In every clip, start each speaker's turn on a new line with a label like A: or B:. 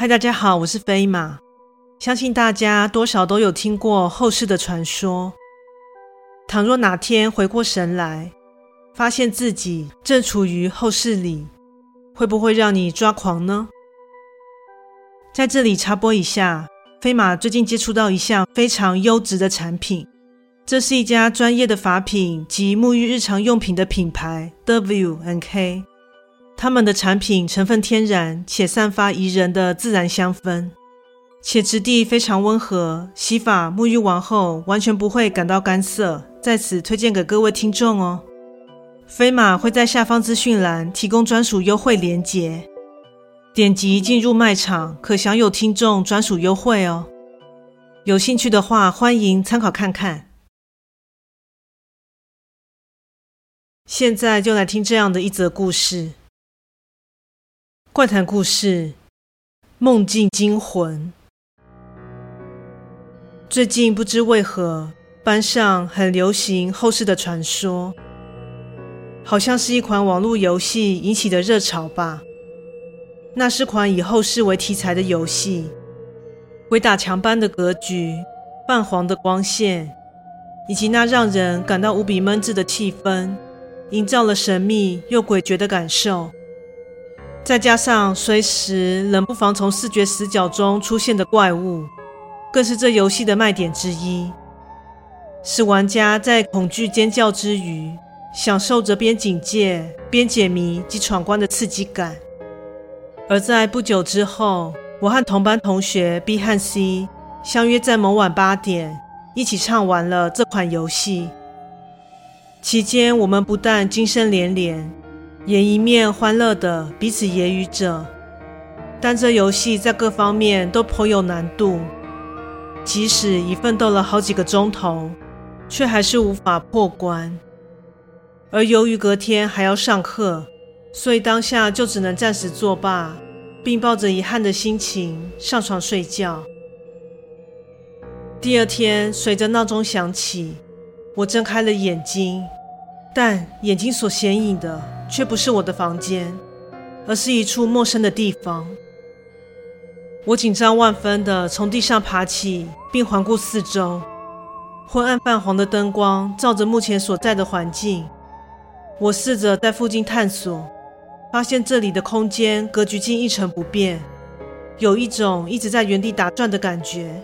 A: 嗨，Hi, 大家好，我是飛馬。相信大家多少都有聽過後室的傳說。倘若哪天回過神來，發現自己正處於後室裡，會不會讓你抓狂呢？在這裡插播一下，飛馬最近接觸到一項非常優質的產品，這是一家專業的髮品及沐浴日常用品的品牌 W&K。他們的產品成分天然，且散發宜人的自然香氛，且質地非常溫和，洗髮沐浴完後完全不會感到乾澀。在此推薦給各位聽眾哦。飛馬會在下方資訊欄提供專屬優惠鏈接，點擊進入賣場可享有聽眾專屬優惠哦。有興趣的話，歡迎參考看看。現在就來聽這樣的一則故事。怪談故事《夢境驚魂》。最近不知為何，班上很流行後室的傳說，好像是一款網絡遊戲引起的熱潮吧？那是款以後室為題材的遊戲，鬼打牆般的格局，泛黃的光線，以及那讓人感到無比悶滯的氣氛，營造了神秘又詭譎的感受。再加上隨時冷不防從視覺死角中出現的怪物，更是這遊戲的賣點之一，使玩家在恐懼尖叫之餘，享受着邊警戒邊解謎及闖關的刺激感。而在不久之後，我和同班同學 B 和 C 相約在某晚八點，一起暢玩了這款遊戲。期間，我們不但驚聲連連。演一面歡樂的彼此揶揄著，但這遊戲在各方面都頗有難度。即使已奮鬥了好幾個鐘頭，卻還是無法破關。而由於隔天還要上課，所以當下就只能暫時作罷，並抱着遺憾的心情上床睡覺。第二天，隨着鬧鐘響起，我睜開了眼睛，但眼睛所顯影的。卻不是我的房間，而是一處陌生的地方。我緊張萬分地從地上爬起，並環顧四周。昏暗泛黃的燈光照着目前所在的環境。我試着在附近探索，發現這裡的空間格局竟一成不變，有一種一直在原地打轉的感覺。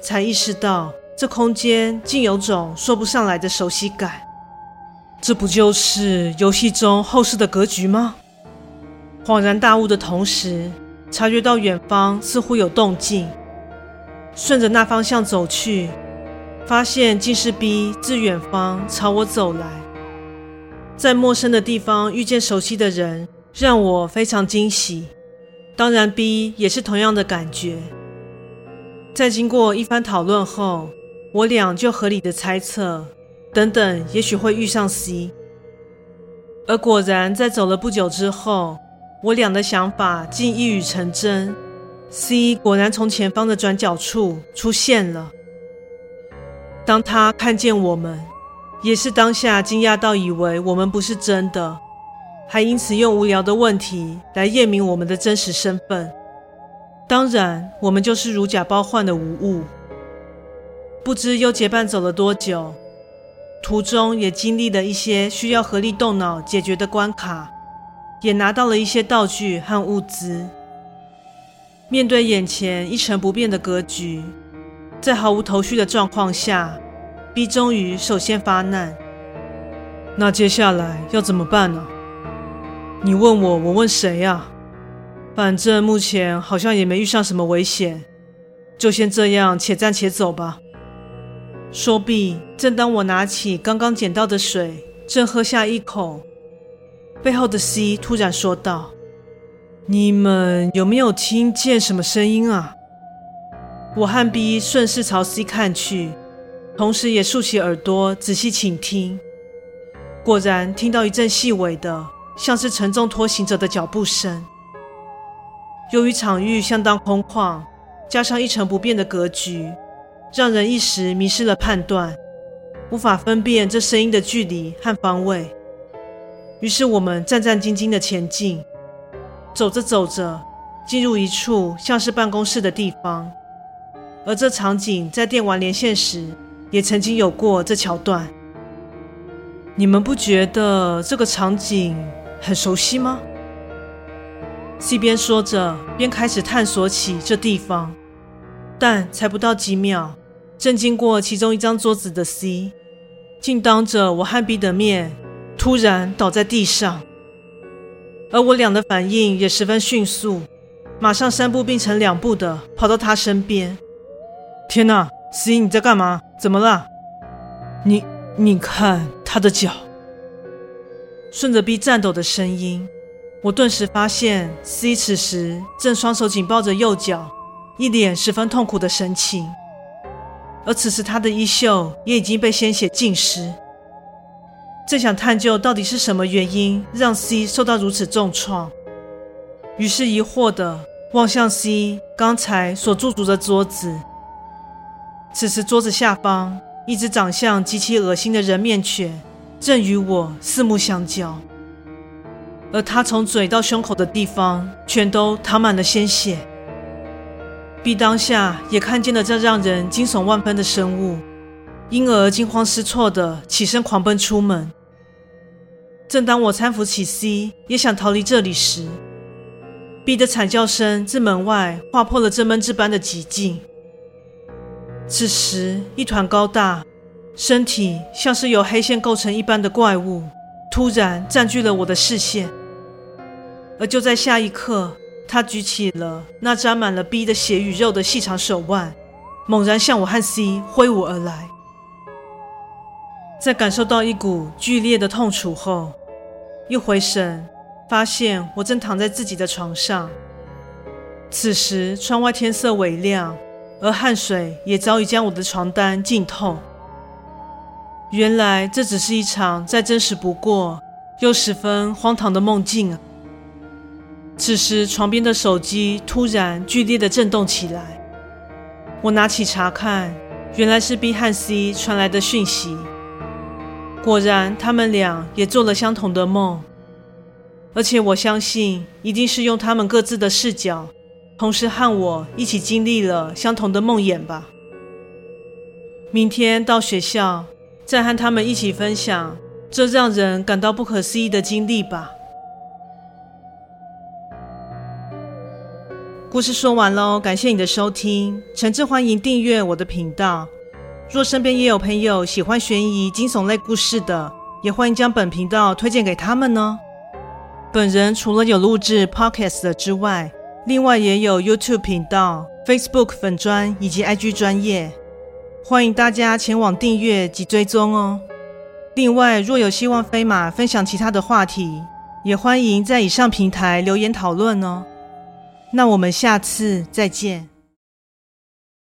A: 才意識到，這空間竟有種說不上來的熟悉感。這不就是遊戲中後室的格局嗎？恍然大悟的同時，察覺到遠方似乎有動靜，順着那方向走去，發現竟是 B 自遠方朝我走來。在陌生的地方遇見熟悉的人，讓我非常驚喜。當然，B 也是同樣的感覺。在經過一番討論後，我倆就合理的猜測。等等，也許會遇上 C。而果然，在走了不久之後，我倆的想法竟一語成真，C 果然從前方的轉角處出現了。當他看見我們，也是當下驚訝到以為我們不是真的，還因此用無聊的問題來驗明我們的真實身份。當然，我們就是如假包換的無誤。不知又結伴走了多久。途中也經歷了一些需要合力動腦解決的關卡，也拿到了一些道具和物資。面對眼前一成不變的格局，在毫無頭緒的狀況下，逼終於首先發難。那接下來要怎麼辦呢？你問我，我問誰呀？反正目前好像也沒遇上什麼危險，就先這樣且戰且走吧。說畢，正當我拿起剛剛撿到的水，正喝下一口，背後的 C 突然說道：“你們有沒有聽見什麼聲音啊？”我和 B 順勢朝 C 看去，同時也豎起耳朵仔細傾聽。果然聽到一陣細微的，像是沉重拖行者的腳步聲。由於場域相當空曠，加上一成不變的格局。讓人一時迷失了判斷，無法分辨這聲音的距離和方位。於是我們戰戰兢兢的前進，走着走着，進入一處像是辦公室的地方。而這場景在電玩連線時也曾經有過這橋段。你們不覺得這個場景很熟悉嗎？西邊說着，邊開始探索起這地方，但才不到幾秒。正經過其中一張桌子的 C，竟當着我和 B 的面突然倒在地上，而我倆的反應也十分迅速，馬上三步併成兩步的跑到他身邊。天哪，C，你在幹嘛？怎麼了？你你看他的腳。順着 B 顫抖的聲音，我頓時發現 C 此時正雙手緊抱着右腳，一臉十分痛苦的神情。而此時，他的衣袖也已經被鮮血浸濕，正想探究到底是什麼原因讓 C 受到如此重創，於是疑惑地望向 C 剛才所駐足的桌子。此時，桌子下方一隻長相極其惡心的人面犬正與我四目相交，而它從嘴到胸口的地方全都淌滿了鮮血。B 當下也看見了這讓人驚悚萬分的生物，因而驚慌失措地起身狂奔出門。正當我攙扶起 C，也想逃離這裡時，B 的慘叫聲自門外劃破了這悶滯般的寂靜。此時，一團高大、身體像是由黑線構成一般的怪物，突然佔據了我的視線。而就在下一刻，他舉起了那沾滿了 B 的血與肉的細長手腕，猛然向我和 C 揮舞而來。在感受到一股劇烈的痛楚後，一回神，發現我正躺在自己的床上。此時窗外天色微亮，而汗水也早已將我的床單浸透。原來這只是一場再真實不過又十分荒唐的夢境啊！此時，床邊的手機突然劇烈地震動起來。我拿起查看，原來是 B 和 C 傳來的訊息。果然，他們倆也做了相同的夢，而且我相信，一定是用他們各自的視角，同時和我一起經歷了相同的夢魘吧。明天到學校，再和他們一起分享，這讓人感到不可思議的經歷吧。故事說完嘍，感謝你的收聽，誠摯歡迎訂閱我的頻道。若身邊也有朋友喜歡懸疑驚悚類故事的，也歡迎將本頻道推薦給他們呢、哦。本人除了有錄製 Podcast 的之外，另外也有 YouTube 頻道、Facebook 粉專以及 IG 專頁，歡迎大家前往訂閱及追蹤哦。另外，若有希望飛馬分享其他的話題，也歡迎在以上平台留言討論哦。那我們下次再見。